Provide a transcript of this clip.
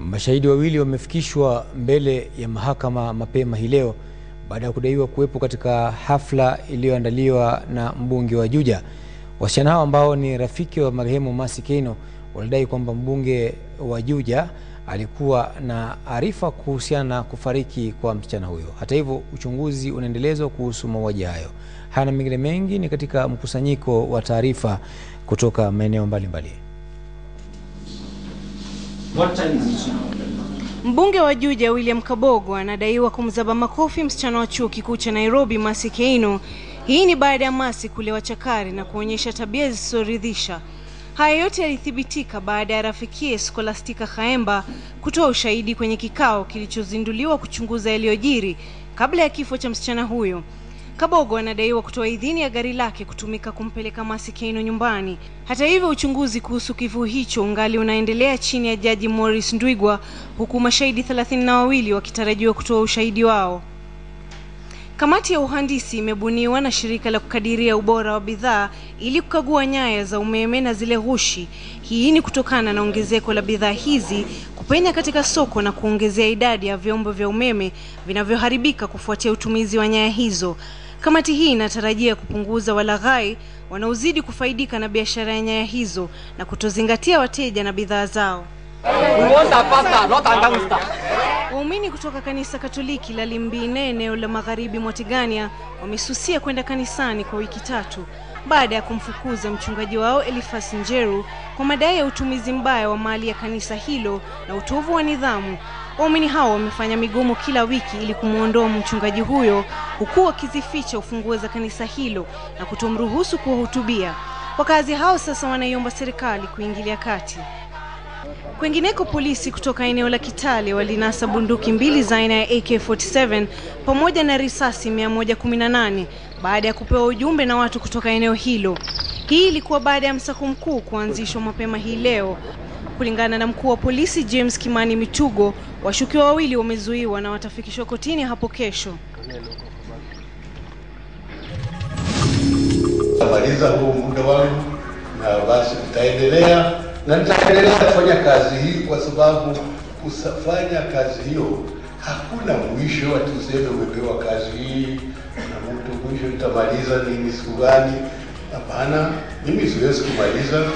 Mashahidi wawili wamefikishwa mbele ya mahakama mapema hii leo baada ya kudaiwa kuwepo katika hafla iliyoandaliwa na mbunge wa Juja. Wasichana hao ambao ni rafiki wa marehemu Mercy Keino walidai kwamba mbunge wa Juja alikuwa na arifa kuhusiana na kufariki kwa msichana huyo. Hata hivyo, uchunguzi unaendelezwa kuhusu mauaji hayo. Haya na mengine mengi ni katika mkusanyiko wa taarifa kutoka maeneo mbalimbali. Mbunge wa Juja William Kabogo anadaiwa kumzaba makofi msichana wa chuo kikuu cha Nairobi masi Keino. Hii ni baada ya masi kulewa chakari na kuonyesha tabia zisizoridhisha. Haya yote yalithibitika baada ya rafikie Scholastica Khaemba kutoa ushahidi kwenye kikao kilichozinduliwa kuchunguza yaliyojiri kabla ya kifo cha msichana huyo. Kabogo anadaiwa kutoa idhini ya gari lake kutumika kumpeleka Masikeino nyumbani. Hata hivyo, uchunguzi kuhusu kivu hicho ungali unaendelea chini ya Jaji Morris Ndwigwa, huku mashahidi thelathini na wawili wakitarajiwa kutoa ushahidi wao. Kamati ya uhandisi imebuniwa na shirika la kukadiria ubora wa bidhaa ili kukagua nyaya za umeme na zile ghushi. Hii ni kutokana na ongezeko la bidhaa hizi kupenya katika soko na kuongezea idadi ya vyombo vya umeme vinavyoharibika kufuatia utumizi wa nyaya hizo. Kamati hii inatarajia kupunguza walaghai wanaozidi kufaidika na biashara ya nyaya hizo na kutozingatia wateja na bidhaa zao. Waumini kutoka kanisa Katoliki la Limbine eneo la magharibi mwa Tigania wamesusia kwenda kanisani kwa wiki tatu baada ya kumfukuza mchungaji wao Elifas Njeru kwa madai ya utumizi mbaya wa mali ya kanisa hilo na utovu wa nidhamu Waumini hao wamefanya migomo kila wiki ili kumwondoa mchungaji huyo, huku wakizificha ufunguo za kanisa hilo na kutomruhusu kuwahutubia. Wakazi hao sasa wanaiomba serikali kuingilia kati. Kwengineko, polisi kutoka eneo la Kitale walinasa bunduki mbili za aina ya AK47 pamoja na risasi 118 baada ya kupewa ujumbe na watu kutoka eneo hilo. Hii ilikuwa baada ya msako mkuu kuanzishwa mapema hii leo. Kulingana na mkuu wa polisi James Kimani Mitugo, washukiwa wawili wamezuiwa na watafikishwa kotini hapo kesho. Tamaliza huu muda wangu na basi nitaendelea na nitaendelea kufanya kazi hii kwa sababu kusafanya kazi hiyo hakuna mwisho. Atuseme umepewa kazi hii na mtu mwisho, nitamaliza nini siku gani? Hapana, mimi siwezi kumaliza.